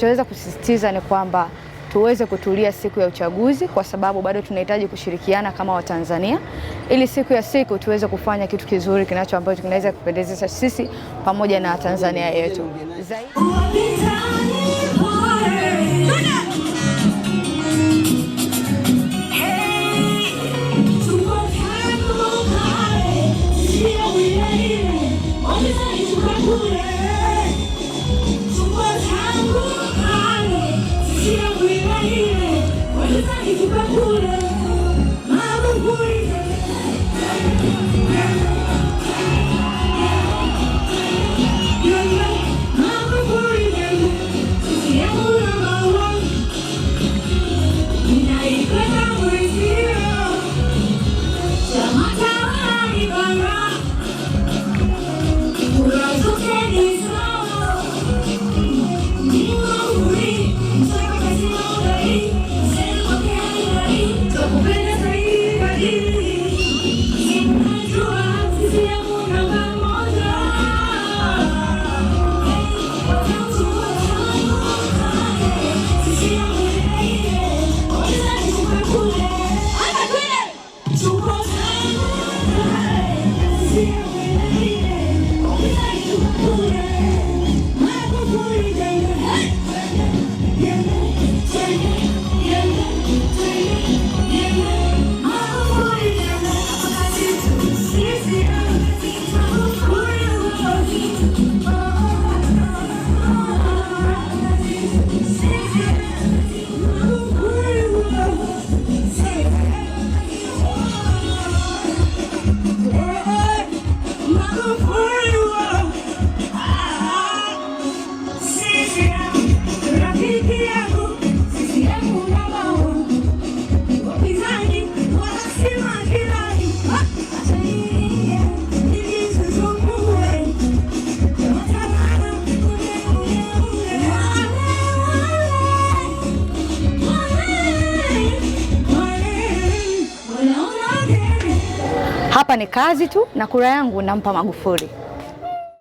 Nachoweza kusisitiza ni kwamba tuweze kutulia siku ya uchaguzi, kwa sababu bado tunahitaji kushirikiana kama Watanzania ili siku ya siku tuweze kufanya kitu kizuri kinacho ambacho kinaweza kupendezesha sisi pamoja na Tanzania yetu Zai... ile, walizaki kibakule Thank you. Hapa ni kazi tu, na kura yangu nampa Magufuli.